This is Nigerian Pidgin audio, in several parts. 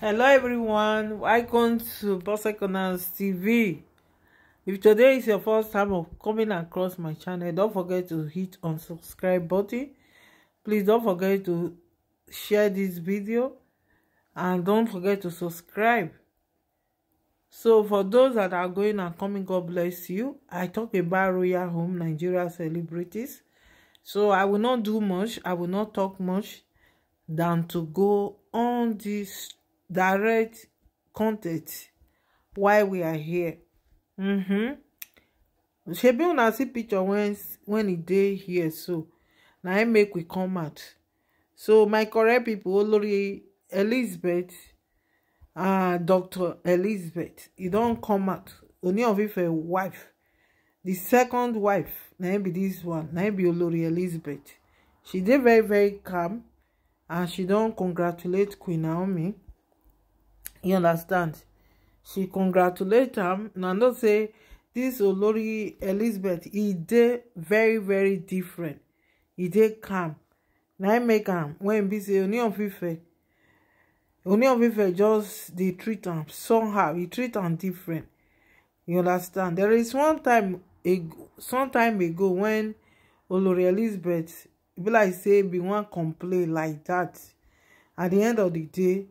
hello everyone welcome to Bose Corners TV if today is your first time of coming across my channel don't forget to hit on subscribe button please don't forget to share this video and don't forget to subscribe so for those that are going and coming God bless you I talk about royal home Nigeria celebrities so I will not do much I will not talk much than to go on this direct content while we are here mm-hmm. be una see picture when when he day here so now im make we come out so my correct people, olori elizabeth uh, ah, dr elizabeth e don't come out Only of Ife wife the second wife na be this one na be Olori Elizabeth she dey very very calm and she don't congratulate Queen Naomi you understand she congratulate am and i say dis olori elizabeth e dey very very different e dey calm na im make am wen e be say oni of ife oni of ife just dey treat am somehow e treat am different you understand there is one time some time ago wen olori elizabeth e be like say bin wan complain like dat at di end of di day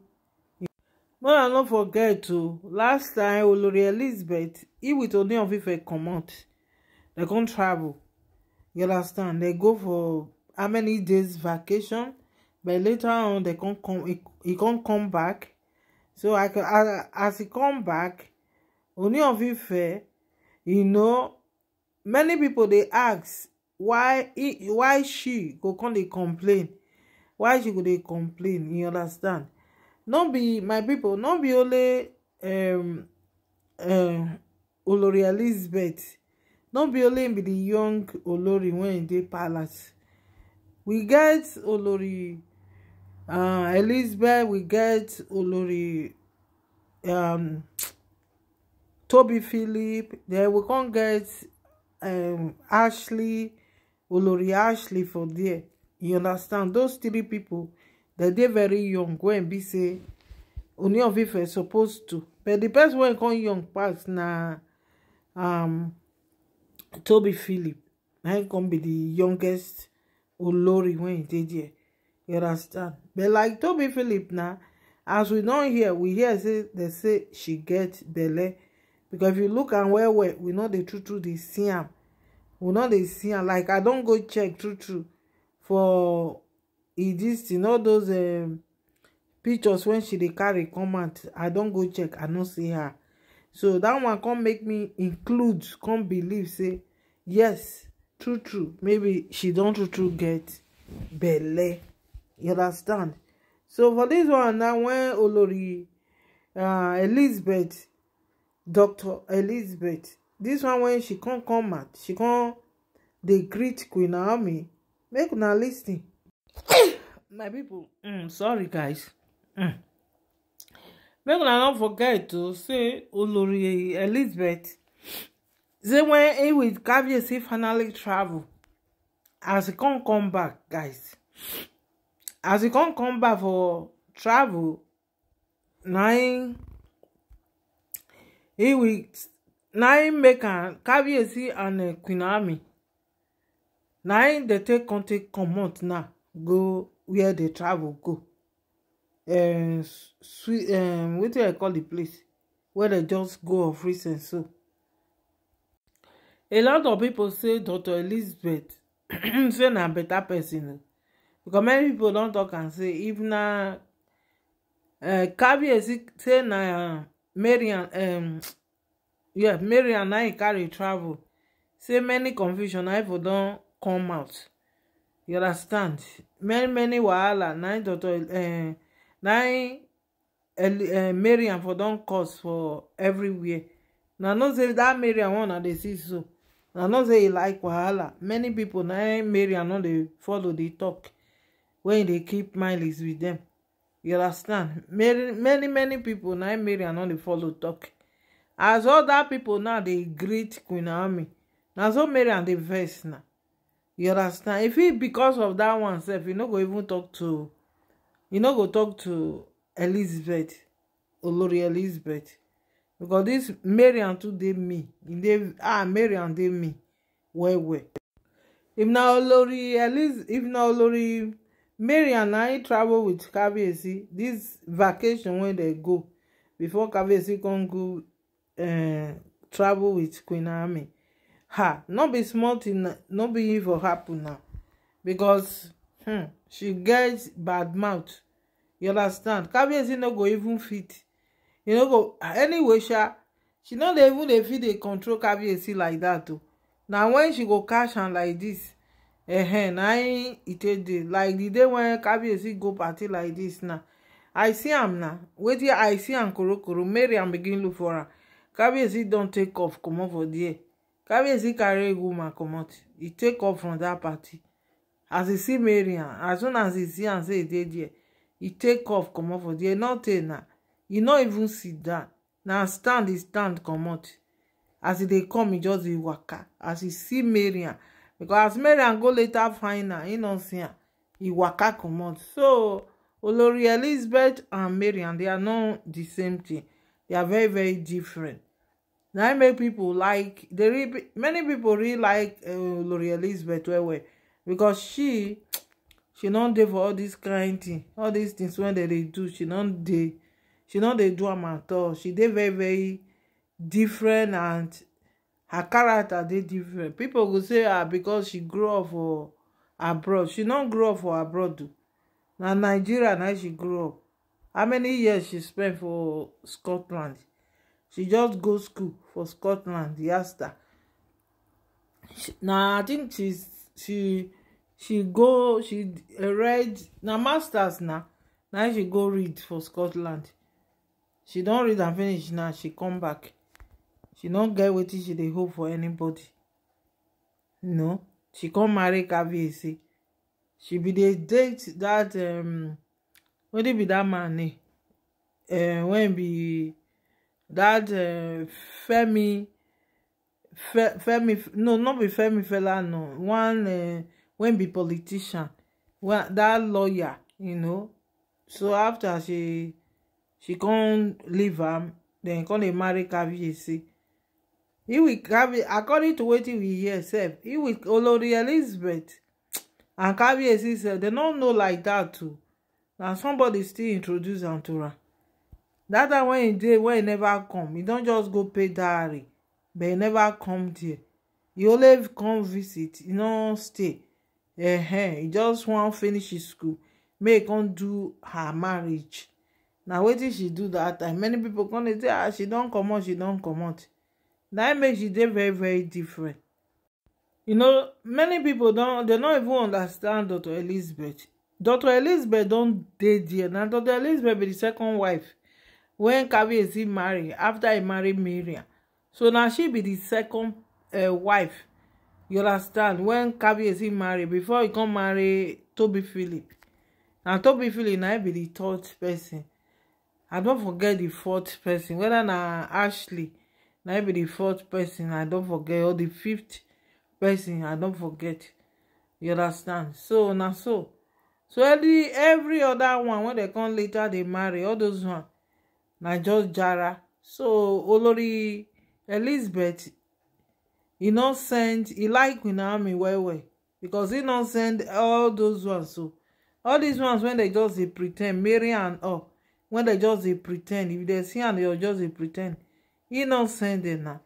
I no forget o oh, last time olori elizabeth he with oni of ife comot dem come travel you understand dem go for how many days vacation but later on dem come come He come come back so as he come back oni of ife you know many people dey ask why why she go come dey complain why she go dey complain you understand no be my people. no be only um uh olori elizabeth no be only im be di young olori when they palace we get olori uh, elizabeth we get olori um, toby philip then we can't get um, ashley olori ashley for there you understand those three people dem dey very young wen be say oni of ife supposed to but the best one come young pass na um toby philip na come be the youngest olori wey him dey there you understand but like toby philip now, as we don hear we hear say they say she get belle because if you look and where where we know the true true dey see am we know dey see am like i don't go check true true for e dis thing all those um, pictures when she dey carry comment. i don't go check i no see her so that one come make me include come believe say yes true true maybe she don't true true get belle you understand so for this one now when olori uh, elizabeth dr elizabeth This one when she can't come out she come dey greet queen army make una listening my people mm, sorry guys mm. make una no forget to say olori elizabeth say when he with kabiyesi finally travel as he come come back guys as he come come back for travel na him he with na him make am kabiyesi and uh, queen naomi na him dey take come take comot now go where they travel go um, sweet um, What do i call the place where they just go of recent so a lot of people say dr elizabeth say na better person. Oh. because many people don't talk and say if na uh, um, kabiyesi say na marian um, yeah marian I carry travel say many confusion I pipo don come out you understand many many wahala na im doctor uh, na im uh, mariam for don't cause for everywhere Now, not say that mariam one They dey see so Now, not say e like wahala many pipo na im mariam no follow dey talk when they e keep mileage with them. you understand many many many pipo na im mariam no follow talk. as all that people now they greet queen naomi Now, so mariam dey verse now you understand If it because of that one self you no go even talk to you no go talk to elizabeth olori elizabeth because dis marian too dey me ah marian dey me well well if na olori if now olori Mary and I travel with kabiyesi this vacation when they go before kabiyesi can go eh, travel with queen ami Ha, no be small tin no be hin for happen now because hmm, she gets bad mouth you understand kabiyesi no go even fit you know go anyway sha she no dey even dey fit dey control kabiyesi like that. o oh. na wen she go catch am like this, eh na hin e take dey like the day wen kabiyesi go party like this now i see am na wetin i see am korokoro mary am begin look for am kabiyesi don take off comot for there he carry woman comot He take off from that party as he see Mariam as soon as he see and say e dey there e take off comot for there Not nothing na He not even sit down Now stand he stand comot as e dey come he just dey waka as he see Mariam because as Mariam go later find am He not see am e waka comot so Olori Elizabeth and Mariam they are not the same thing they are very very different na make people like real many people really like uh, lori elizabeth well well she she don dey for all dis kind thing all these things when they dey do she don dey she no dey do am at all she dey very very different and her character they different people go say ah because she grow up for abroad she no grow up for abroad now nigeria now she grow up how many years she spent for scotland she just go school for scotland yasta na i think she's she she go she read na masters na na she go read for scotland she don read and finish now she come back she don get wetin she dey hope for anybody no she come marry kaviesi she be dey date dat um wetin be dat man name eh? uh, wey be that uh, um, Femi Fe, Femi no not be Femi fella no one uh, when be politician well that lawyer you know so after she she can't leave him then can't dey marry see, he will Kabi according to wetin we hear sef he will Olori Elizabeth and Kabiyesi sef they no know like that too na somebody still introduce am That time when e dey when he never come he don't just go pay diary, but he never come there He only come visit He don't stay -huh. e just want finish his school make e come do her marriage Now, na did she do that time many people come dey say ah she don't come out. she don't come out." im make she dey very very different you know many people don't. They don't even understand dr elizabeth dr elizabeth don't dey there Now, dr elizabeth be di second wife When kabiyesi marry after he married Miriam, so now she be the second eh, wife you understand When kabiyesi marry before he come marry Toby philip na Toby philip now be the third person i don't forget the fourth person whether na ashley now be the fourth person i don't forget or the fifth person i don't forget you understand so now so so every every other one when they come later they marry all those one na just jara so olori elizabeth e no send e like queen naomi well well because e no send all those ones so all these ones wey dem just dey pretend Mary and all wen dem just dey pretend if dem see am dem just dey pretend e no send dem na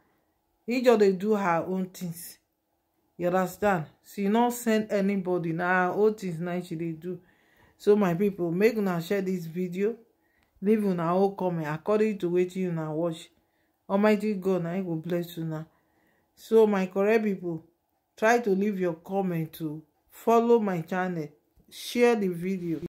e just dey do her own things you understand she no send anybody na her own things na she dey do so my people, make una share this video leave una whole comment according to wetin una watch almighty god now him will bless you now. so my correct people, try to leave your comment to follow my channel share the video